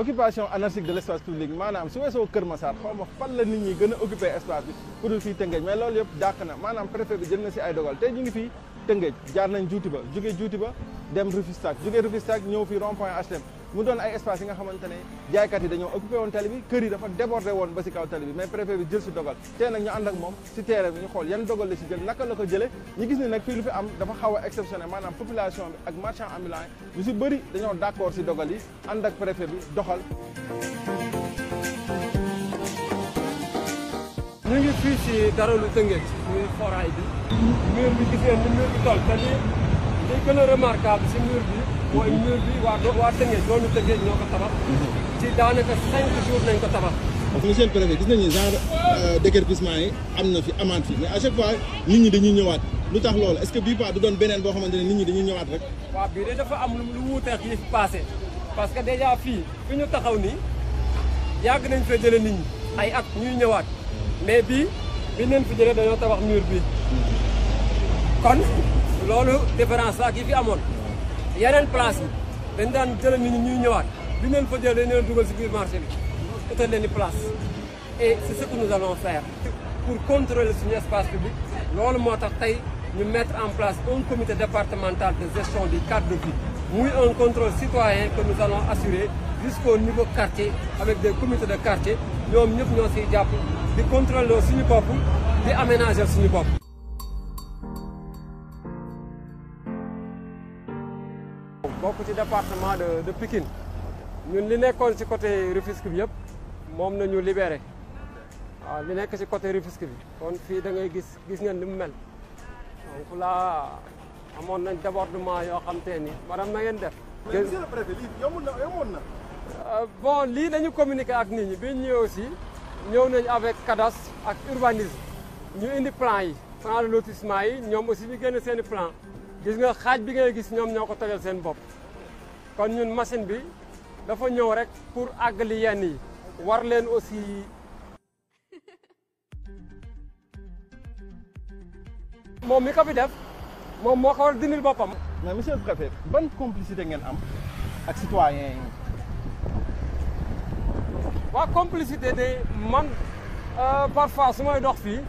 occupation anarchique de l' espace public maanaam su weesoo Kër Massar xaw ma fan la nit ñi gën a occupé espace bi ku dul fii Tëngéej mais loolu maanaam préfet bi jël na si ay dogal tey ñu ngi fii Tëngéej jaar nañ juuti ba jóge juuti ba dem Rufisque jóge Rufisque ñëw fii rond point mu doon ay espace yi nga xamante ne jaaykat yi dañoo occupé woon tali bi kër yi dafa débordé woon ba si kaw tali bi mais préfet bi jël si dogal tey nag ñu ànd ak moom si terrain bi ñu xool yan dogal si jël naka la ko jëlee ñu gis ne nag fii lu fi am dafa xaw a exceptionnel maanaam population bi ak marchand ambulant yi ñu si bëri dañoo d' accord si dogal yi ànd ak préfet bi doxal ñu ngi fii si daralu Tëngéej muy foraay bi mur bi gisee ni mur bi toll te li li mooy mur mhm. bi waa waa Tëngéej loolu Tëngéej ñoo ko tabax. Mhm. ci daanaka cinq jours nañ ko tabax. parce que monsieur le préfet gis nañu genre euh, déguerpissement yi am na fi amaat fi mais à chaque fois nit ñi dañuy ñëwaat lu tax loolu est-ce que bii pas doon beneen boo xamante ne nit ñi dañuy ñëwaat rek. waaw bii de dafa am lu wuuteex yi fi passé parce que déjà fii fi ñu taxaw nii yàgg nañ fee jëlee nit ñi ay at ñu ñëwaat mais bii bi neen fi jëlee dañoo tabax mur bi mhm. kon loolu différence la ak fi amoon. yeneen place yi dañ daan jëlee nit ñi ñuy ñëwaat bi ñu leen fa jëlee dañ leen dugal si biir marché bi utal leen ni place et c' est ce que nous pour contrôler suñu espace public loolu moo tax tey ñu mettre en place un comité départemental de gestion du cadre de vie muy un contrôle citoyen que nous allons assurer jusqu'au niveau quartier avec des comités de quartier ñoom ñëpp ñoo siy jàpp di contrôler suñu bopp di aménager suñu bopp bokk ci département de de Pikine ñun li nekkoon ci côté Rufisque bi yëpp moom nañu libéré waaw li nekk ci côté Rufisque bi kon fii da ngay gis gis ngeen li mu mel donc là amoon nañ débordement yoo xam te ni madame na ngeen def. mais monsieur le préfet na yomboon na. Euh, bon lii dañu communiquer ak nit ñi bi ñu ñëwee aussi ñëw nañu avec cadastre ak urbanisme ñu indi plan yi plan de lotissement yi ñoom aussi ñu génne seen i plan gis nga xaaj bi ngay gis ñoom ñoo ko tojal seen bopp kon ñun machine bi dafa ñëw rek pour àggali yenn yi war leen aussi moom mi ko fi def moom moo ko war dindil boppam mais monsieur le préfet ban complicité ngeen am ak citoyen yi waa complicité de man euh, parfois su may dox fii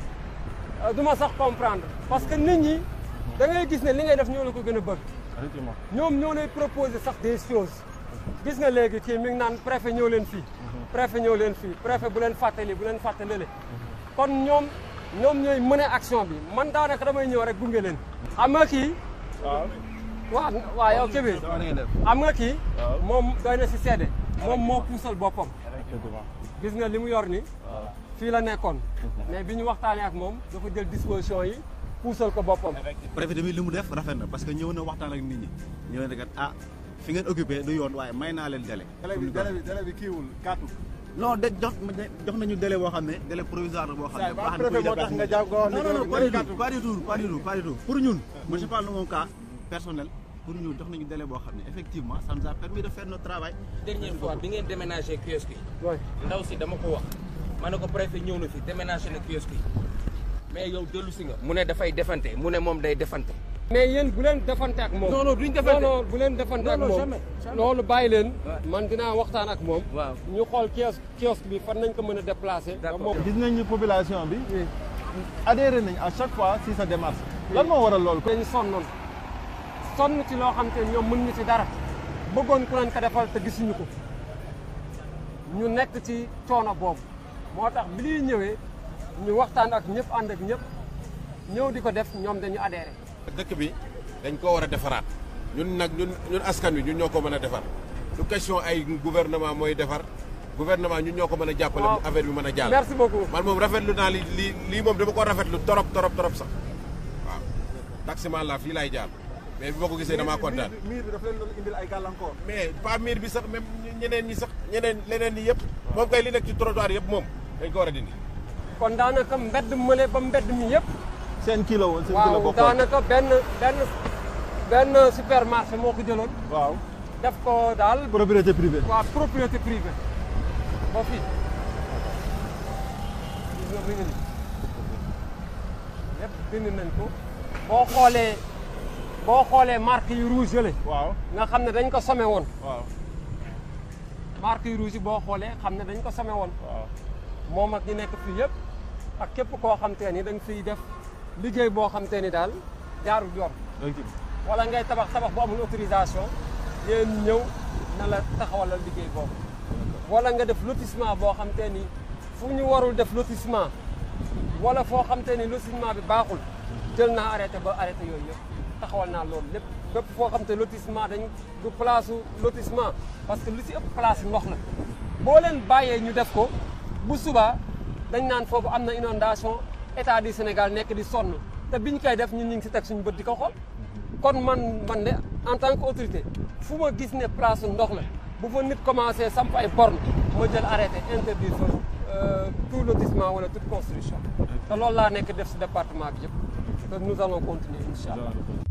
euh, du ma sax comprendre parce que nit ñi da ngay gis ne li ngay def ñoo la ko gën a bëgg. ñoom ñoo lay proposé sax des choses. gis nga léegi kii mi ngi naan préfet ñëw leen fii. Mhm. préfet ñëw leen fii préfet bu leen fàttali bu leen fàttalale. Mhm. kon ñoom ñoom ñooy mën action bi man daanaka damay ñëw rek gunge leen. Mhm. am nga kii. waaw waaw waaw am nga kii. moom doy na si seede. moom moo puusal boppam. gis nga li mu yor ni fii la nekkoon. mais bi ñu waxtaanee ak moom dafa jël disposition yi. puusal ko boppam. préfet tamit mu def rafet na parce que ñëw na waxtaan ak nit ñi ñëw na kat ah fi ngeen occupé du yoon waaye may naa leen délai. délai bi délai kiiwul gàttu. non de jox nañu dele boo xam ne délai provisoire la boo xam ne. baax na kuy def non pas du tout pas du tout pas du tout pour ñun. je parle de mon cas personnel. pour ñun jox nañu délai boo xam ne effectivement ça nous a permis de faire notre travail. dernière fois bi ngeen déménagé kiosque yi. ndaw si dama ko wax. ma ne ko préfet ñëw na fi déménagé na kiosque yi mais yow dellu si nga mu ne dafay defante mu ne moom day defante mais yéen bu leen defante ak moom non non duñ defante non non bu leen defante ak moom loolu bàyyi leen man dinaa waxtaan ak moom ñu xool kiosque kiosque bi fan nañ ko mën a déplacer moom gis nañ ñu population bi adhéré nañ à chaque fois si sa démarche lan moo a loolu ko dañu sonnoon sonn ci loo xam te ñoom mën ñu ci dara bëggoon ku leen ko defal te gisuñu ko ñu nekk ci coono boobu moo tax bi liy ñëwee ñu waxtaan ak ñëpp ànd ak ñëpp ñëw di ko def ñoom dañu adhéré. dëkk bi dañ koo war a defaraat ñun nag ñun ñun askan wi ñun ñoo ko mën a defar lu question ay gouvernement mooy defar gouvernement ñun ñoo ko mën a jàppale. affaire bi mën a jàll. merci beaucoup man moom rafetlu naa li lii lii moom dama ko rafetlu torop torop torop sax waaw. taximan la fii laay jaar mais bi ma ko gisee damaa kontaan. miir bi dafa leen ay gàllankoor. mais pas miir bi sax même ñeneen ñi sax ñeneen leneen ñi yëpp. moom kay li nekk ci trottoir yëpp moom dañ ko war a dindi. kon daanaka mbedd mële ba mbedd mi sen seen kilo seen kilo bokkoon waaw daanaka benn benn benn supermarché moo ko jëloon. waaw def ko daal. propriété privée. waaw propriété privée ba fii. lépp bind nañ ko boo xoolee boo xoolee marque yu rouge yële. waaw nga xam ne dañ ko some woon. waaw marque yu rouge yi boo xoolee xam ne dañ ko somme woon. waaw moom ñi nekk fii yëpp. ak képp koo xam te da nga fiy def liggéey boo xam ni daal jaarul yoon wala ngay tabax tabax boo mun autorisation yéen ñëw na la taxawalal liggéey boobu wala nga def lotissement boo xam ni fu ñu warul def lotissement wala foo xam te ni lotissement bi baaxul jël naa arrêté ba arrêté yooyu yëpp taxawal naa loolu lépp këpp foo xam te lotissement dañ du place u parce que lu si ëpp place ndox la boo leen bàyyee ñu def ko bu subaa dañ naan foofu am na inondation état du Sénégal nekk di sonn te biñ koy def ñun ñu ngi si teg bët di ko xool kon man man de en tant que autorité fu ma gis ne place ndox la bu fa nit commencé samp ay borne ma jël arrêté interdire fa euh, tout lotissement wala toute construction te loolu laa nekk def si département bi yëpp te nous allons continuer incha allah